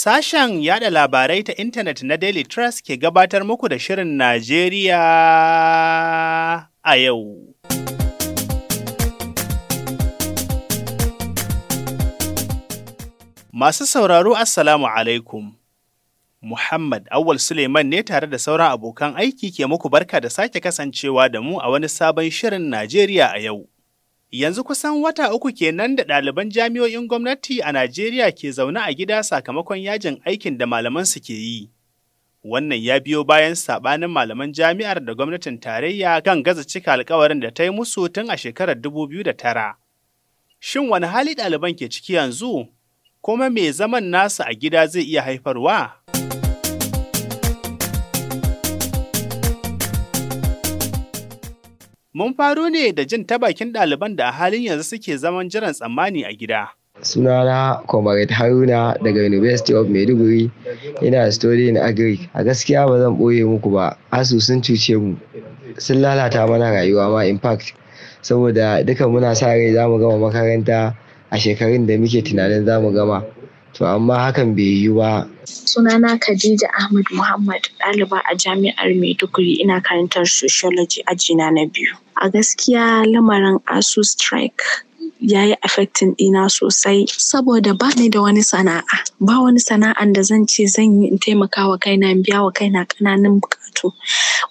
Sashen yada labarai ta intanet na Daily Trust ke gabatar muku da Shirin Najeriya a yau. Masu sauraro Assalamu alaikum. Muhammad Awal Suleiman ne tare da sauran abokan aiki ke muku barka da sake kasancewa da mu a wani sabon Shirin Najeriya a yau. Yanzu kusan wata uku kenan da ɗaliban jami'o'in gwamnati a Najeriya ke zaune a gida sakamakon yajin aikin da malamansu ke yi. Wannan ya biyo bayan saɓanin malaman jami'ar da gwamnatin tarayya kan gaza cika alkawarin da ta yi musu tun a shekarar 2009. Shin wani hali ɗaliban ke ciki yanzu? Kuma me zaman nasu a gida zai iya haifarwa? Mun faro ne da jin ta bakin ɗaliban da a halin yanzu suke zaman jiran tsammani a gida. sunana comrade haruna daga university of maiduguri ina study in agri. a gaskiya ba zan ɓoye muku ba asu sun cuce mu sun lalata mana rayuwa ma in fact saboda duka muna sa rai za mu gama makaranta a shekarun da muke tunanin za mu gama to amma hakan bai yiwu ba Sunana Khadija Ahmad Muhammad, ɗaliba a jami'ar Maiduguri ina karantar Sociology a jina na biyu. A gaskiya lamarin ASU strike ya yi affecting ɗina sosai saboda ba ni da wani sana'a. Ba wani sana'an da zan ce zan yi in taimaka wa kaina in biya wa kaina ƙananan karatu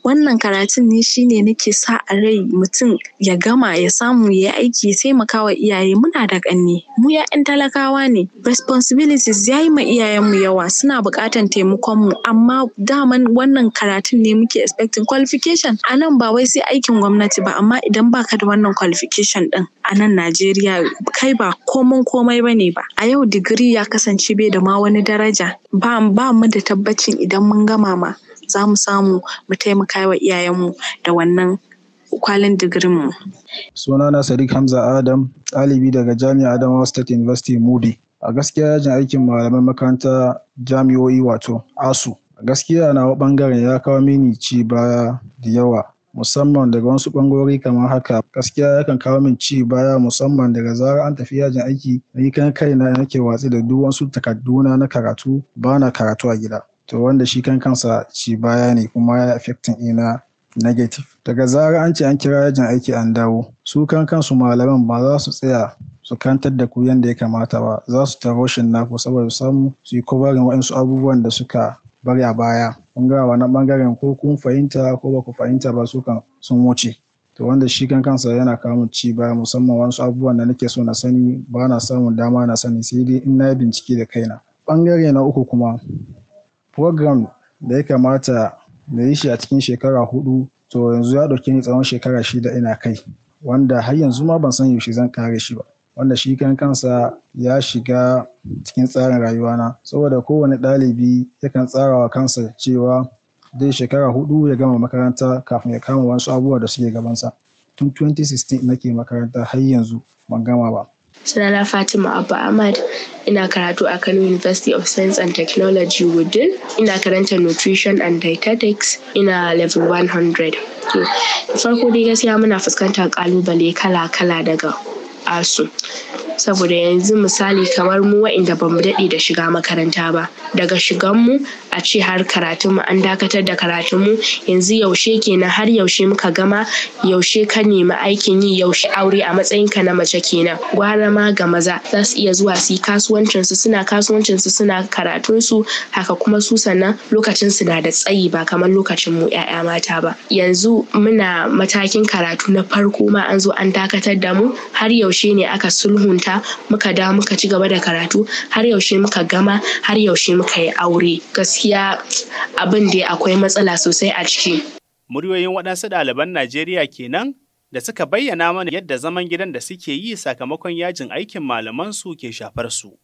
wannan karatun ne shine nake sa a rai mutum ya gama ya samu ya yi aiki ya taimaka wa iyaye muna da ƙanne mu ‘ya'yan talakawa ne responsibilities ya yi ma iyayenmu yawa suna buƙatan taimakonmu amma daman wannan karatun ne muke expecting qualification a nan ba wai sai aikin gwamnati ba amma idan baka da wannan qualification ɗin a nan Najeriya kai ba komin komai bane ba a yau digiri ya kasance bai da ma wani daraja ba mu da tabbacin idan mun gama ma za mu samu mu taimaka wa iyayenmu da wannan kwalin digirin digirinmu. Sunana Sadiq Hamza Adam, ɗalibi daga Jami'a Adamawa State University Mudi. A gaskiya yajin aikin malaman makaranta jami'o'i wato ASU. A gaskiya na ɓangaren ya kawo mini ci baya da yawa musamman daga wasu ɓangarori kamar haka gaskiya yakan kawo min ci baya musamman daga zarar an tafi yajin aiki ni kan kaina nake watsi da duk wasu takarduna na karatu bana karatu a gida to wanda shi kan kansa ci baya ne kuma ya affecting ina negative daga zarar an ce an kira yajin aiki an dawo su kan kansu malaman ba za su tsaya su kantar da ku yadda ya kamata ba za su taro shin naku saboda samu su yi kubarin waɗansu abubuwan da suka bari a baya kun ga wani bangaren ko kun fahimta ko ba ku fahimta ba su kan sun wuce to wanda shi kan kansa yana kamun ci baya musamman wasu abubuwan da nake so na sani ba na samun dama na sani sai dai in na bincike da kaina bangare na uku kuma program da ya kamata na yi shi a cikin shekara huɗu to yanzu ya ɗauki ni tsawon shekara shida ina kai wanda har yanzu ma ban san yaushe zan kare shi ba wanda shi kan kansa ya shiga cikin tsarin rayuwana saboda kowane ɗalibi yakan tsara wa kansa cewa zai shekara hudu ya gama makaranta kafin ya kama wasu abubuwa da suke gabansa tun 2016 nake makaranta har yanzu ban gama ba Sunana Fatima Abba Ahmad, ina karatu a Kano University of Science and Technology Wudil, ina karanta Nutrition and Dietetics, ina level 100. farko dai gaskiya muna fuskantar kalubale kala-kala daga sa'ar saboda yanzu misali kamar mu wa'inda ba mu daɗe da shiga makaranta ba daga shigan mu a ce har karatun an dakatar da karatun mu yanzu yaushe kenan har yaushe muka gama yaushe ka nemi aikin yi yaushe aure a matsayin ka na mace kenan gwara ma ga maza za su iya zuwa su yi kasuwancin su suna kasuwancin suna karatun haka kuma su sannan lokacin na da tsayi ba kamar lokacin mu 'ya'ya mata ba yanzu muna matakin karatu na farko ma an zo an dakatar da mu har yaushe yaushe ne aka sulhunta muka da muka ci gaba da karatu har yaushe muka gama har yaushe muka yi aure gaskiya abin da akwai matsala sosai a ciki muryoyin waɗansu ɗaliban najeriya kenan da suka bayyana mana yadda zaman gidan da suke yi sakamakon yajin aikin malaman su ke shafar su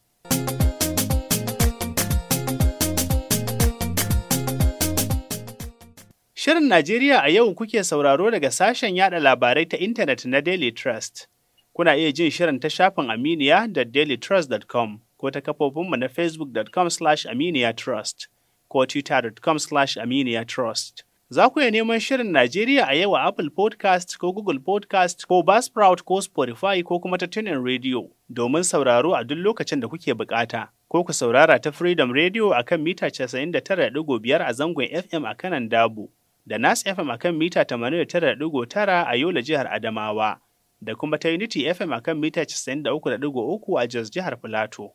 Shirin Najeriya a yau kuke sauraro daga sashen yada labarai ta intanet na Daily Trust. Kuna iya jin shirin ta shafin Aminiya da dailytrust.com ko ta kafofinmu na facebookcom aminiyatrust ko twittercom aminiyatrust. Za ku iya neman shirin Najeriya a yau a Apple Podcast ko Google Podcast ko Buzzsprout ko Spotify ko kuma ta tunin rediyo domin sauraro a duk lokacin da kuke bukata. Ko ku saurara ta Freedom Radio a kan mita 99.5 a zangon FM a kanan Dabo da Nas FM a kan mita 89.9 a Yola jihar Adamawa. da kuma ta Unity FM a kan mita 93.3 a Jos jihar Filato.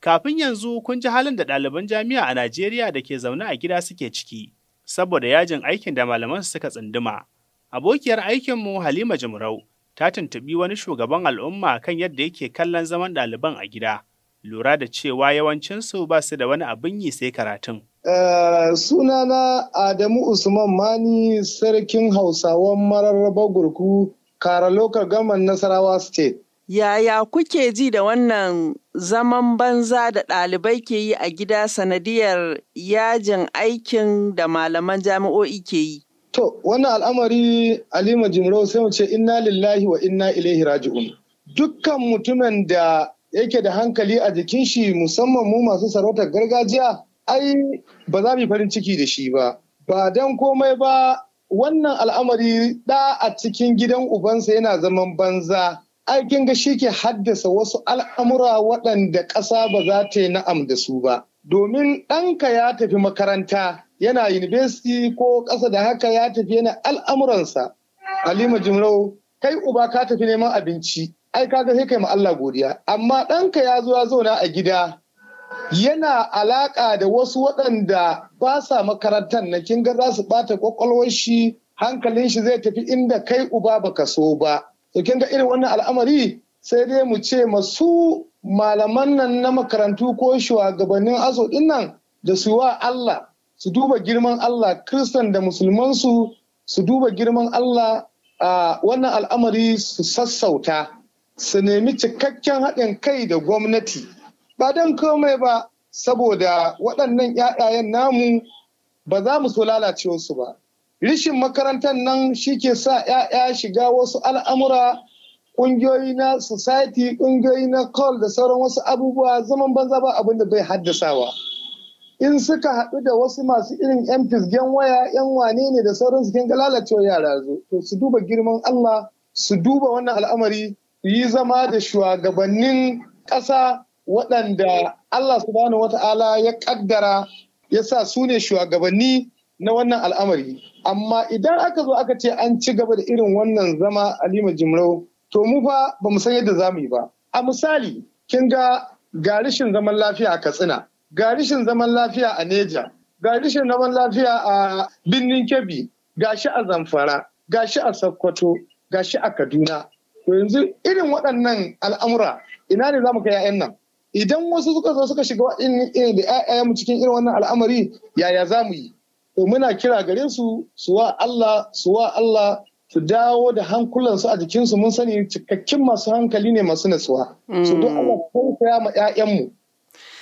Kafin yanzu kun ji halin da ɗaliban jami'a a Najeriya da ke zaune a gida suke ciki, saboda yajin aikin da malaman su suka tsunduma. Abokiyar aikinmu Halima jumrau ta tuntuɓi wani shugaban al'umma kan yadda yake kallon zaman ɗaliban a gida, lura da cewa yawancinsu ba su da wani abin yi sai karatun. Eh, sunana Adamu Usman Mani sarkin Hausawan mararraba gurku kara karalokar gaman Nasarawa State. Yaya kuke ji da wannan zaman banza da ɗalibai ke yi a gida sanadiyar yajin aikin da malaman jami'o'i ke yi? To, wannan al'amari Alima Jimro sai mu ce inna lillahi wa inna ilaihi raji'un. Dukkan mutumin da yake da hankali a jikin shi musamman mu masu sarautar gargajiya ai ba za mu yi farin ciki da shi ba ba don komai ba wannan al'amari da a cikin gidan ubansa yana zaman banza ai kin ga shi ke haddasa wasu al'amura waɗanda ƙasa ba za ta yi na'am da su ba domin ɗanka ya tafi makaranta yana university ko ƙasa da haka ya tafi yana al'amuransa halima jimrau kai uba ka tafi neman abinci ai kaga sai kai ma Allah godiya amma ɗanka ya zo ya zauna a gida yana alaƙa da wasu waɗanda ba sa makarantar na kinga za su ɓata kwakwalwar shi hankalin shi zai tafi inda kai uba baka so ba. To kinga irin wannan al'amari sai dai mu ce masu malaman nan na makarantu ko shugabannin aso ɗin da su wa Allah su duba girman Allah kristan da musulmansu su duba girman Allah a wannan al'amari su sassauta su nemi cikakken haɗin kai da gwamnati. ba don komai ba saboda waɗannan ‘ya'yayen namu ba za mu so lalacewarsu ba. Rishin makarantar nan shi ke sa ‘ya'ya shiga wasu al'amura ƙungiyoyi na society ƙungiyoyi na call da sauran wasu abubuwa zaman banza ba abin da bai haddasawa. In suka haɗu da wasu masu irin ‘yan fisgen waya, ‘yan wane ne da sauran su kinga lalacewa yara zo, to su duba girman Allah, su duba wannan al'amari, yi zama da shugabannin ƙasa waɗanda Allah subhanahu wata'ala ya ƙaddara ya sa su ne shugabanni na wannan al'amari. Amma idan aka zo aka ce an ci gaba da irin wannan zama alima Jimrau, to mu fa ba mu san yadda za mu yi ba. A misali, kin ga garishin zaman lafiya a Katsina, garishin zaman lafiya a Neja, garishin zaman lafiya a Birnin Kebbi, gashi a Zamfara, gashi a Sokoto, gashi a Kaduna. To yanzu irin waɗannan al'amura ina ne za mu kai 'ya'yan nan? idan wasu suka zo suka shiga da mu cikin irin wannan al'amari yaya za mu yi to muna kira gare su suwa Allah suwa Allah su dawo da hankulansu a jikinsu mun sani cikakkin masu hankali ne masu nasuwa su duk hmm. Allah kaya ma 'ya'yanmu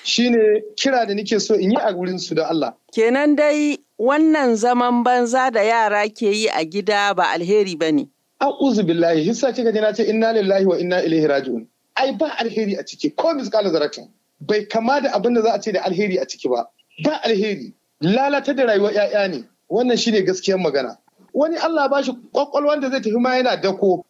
shine kira da nake so in yi a gurin su da Allah kenan dai wannan zaman banza da yara ke yi a gida ba alheri bane a'udhu billahi hissa kika ji na ce inna lillahi wa inna ilaihi raji'un ai ba alheri a ciki ko misƙala zaratin bai kama da abin da za a ce da alheri a ciki ba ba alheri lalata da rayuwar 'ya'ya ne wannan shine gaskiyar magana wani Allah ba shi kwakwalwan da zai tafi ma yana dako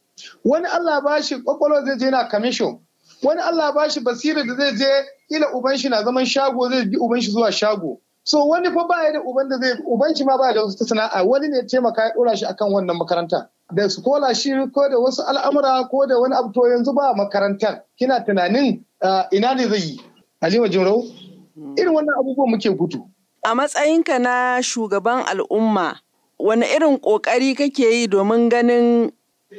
wani Allah ba shi kwakwalwan zai je yana kamishin wani Allah ba shi basira da zai je ila uban shi na zaman shago zai bi uban shi zuwa shago so wani fa ya da uban da zai uban shi ma ba da wata sana'a wani ne ya taimaka ya dora shi akan wannan makaranta da scholarship ko da wasu al'amura ko da wani abu to yanzu ba makarantar kina tunanin eh, ina ne zai yi halima jimrau irin wannan abubuwan muke gudu a matsayinka na shugaban al'umma wani irin ƙoƙari kake yi domin ganin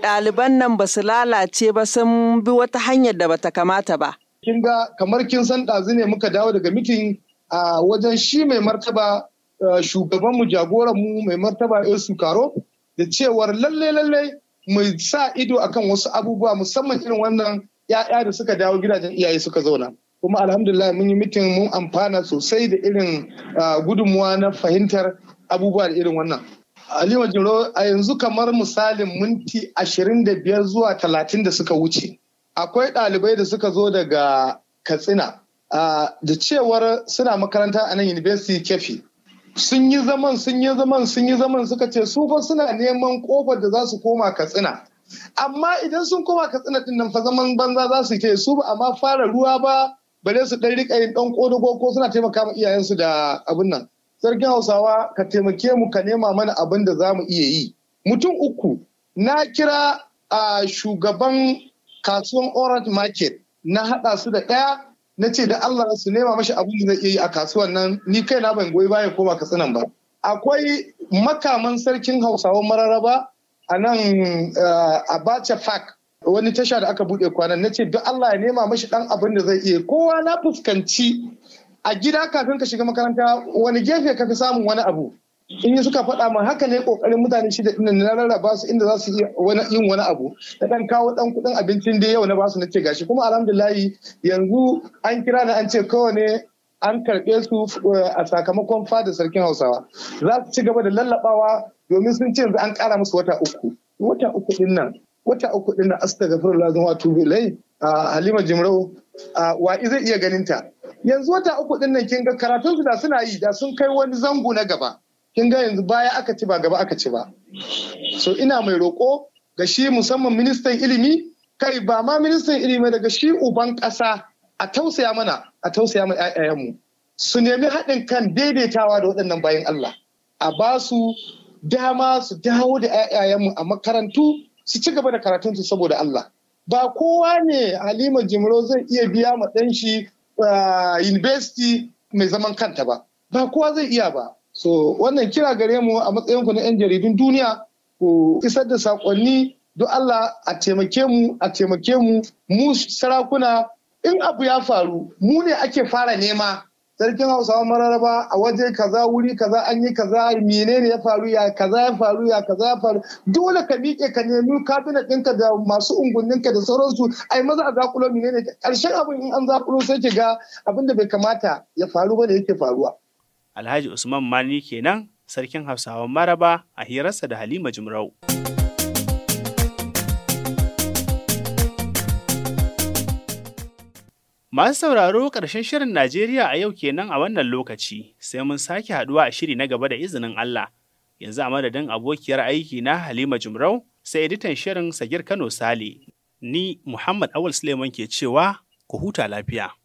ɗaliban nan ba su lalace ba sun bi wata hanyar da bata kamata ba kin ga kamar kin san ɗazu ne muka dawo daga mitin a wajen shi mai martaba eh, shugabanmu jagoranmu mai martaba Yesu Karo da cewar lalle lalle mu sa ido akan wasu abubuwa musamman irin wannan ya'ya da suka dawo gidajen iyaye suka zauna kuma alhamdulillah mun yi mitin mun amfana sosai da irin ah, gudunmuwa na fahimtar abubuwa da irin wannan Aliyu Jiro a yanzu kamar misalin minti ashirin da biyar zuwa talatin da suka wuce akwai ɗalibai da suka zo daga Katsina ah, da cewar suna makaranta a nan University Kefi sun yi zaman sun yi zaman sun yi zaman suka ce su ba suna neman kofar da za su koma katsina amma idan sun koma katsina din nan fa zaman banza za su ce su ba amma fara ruwa ba bare su dan rika yin dan kodogo ko suna taimaka ma iyayensu da abin nan sarkin hausawa ka taimake mu ka nema mana abin da za mu iya yi mutum uku na kira a shugaban kasuwan orange market na haɗa su da ɗaya na ce da Allah su nema mashi abin da zai yi a kasuwan nan ni kai na ban goyi baya koma katsinan ba akwai makaman sarkin Hausawa mararaba a nan eh, a Park. wani tasha da aka bude kwanan na ce duk Allah ya nema mashi ɗan abin da zai iya kowa na fuskanci a gida kafin ka shiga makaranta wani gefe ka fi samun wani abu in yi suka faɗa min haka ne ƙoƙarin mutane shida ɗin na rarraba su inda za su yin wani abu na ɗan kawo ɗan kuɗin abincin da yau na basu na ce gashi kuma alhamdulillahi yanzu an kira ni an ce kowane an karɓe su eh, a sakamakon fada sarkin hausawa za su ci gaba da lallabawa domin sun ce yanzu an ƙara musu wata uku wata uku ɗin nan wata uku ɗin nan astaghfirullah zama a halima jimrau wa zai iya ganinta? yanzu wata uku ɗin nan kin ga karatunsu da suna yi da sun kai wani zango na gaba kin ga yanzu baya aka ci ba gaba aka ci ba so ina mai roƙo ga shi musamman ministan ilimi kai ba ma ministan ilimi daga shi uban ƙasa a tausaya mana a tausaya mana 'ya'yayenmu su nemi haɗin kan daidaitawa da waɗannan bayan Allah a ba su dama su dawo da 'ya'yayenmu a makarantu su ci gaba da karatun su saboda Allah ba kowa ne Halima Jimro zai iya biya ma ɗan shi ah, university mai zaman kanta ba ba kowa zai iya ba So wannan kira gare mu a matsayin ku na 'yan jaridun duniya ku isar da sakonni don Allah a taimake mu a taimake mu mu sarakuna in abu ya faru mu ne ake fara nema sarkin hausawa mararaba a waje kaza wuri kaza an yi kaza menene ya faru ya kaza ya faru ya kaza ya faru dole ka miƙe ka nemi kabinet ɗinka da masu ungunninka da sauransu ai maza a zakulo menene ƙarshen abin in an zakulo sai ki ga abin da bai kamata ya faru ba ne yake faruwa Alhaji Usman Mani kenan sarkin hafsawan Maraba a hirarsa da Halima Jimrau. Masu sauraro ƙarshen shirin Najeriya a yau kenan a wannan lokaci, sai mun sake haɗuwa a shiri na gaba da izinin Allah. Yanzu a madadin abokiyar aiki na Halima jimrau sai editan shirin Sagir Kano Sale. Ni Muhammad Awal Suleiman ke cewa, ku huta lafiya.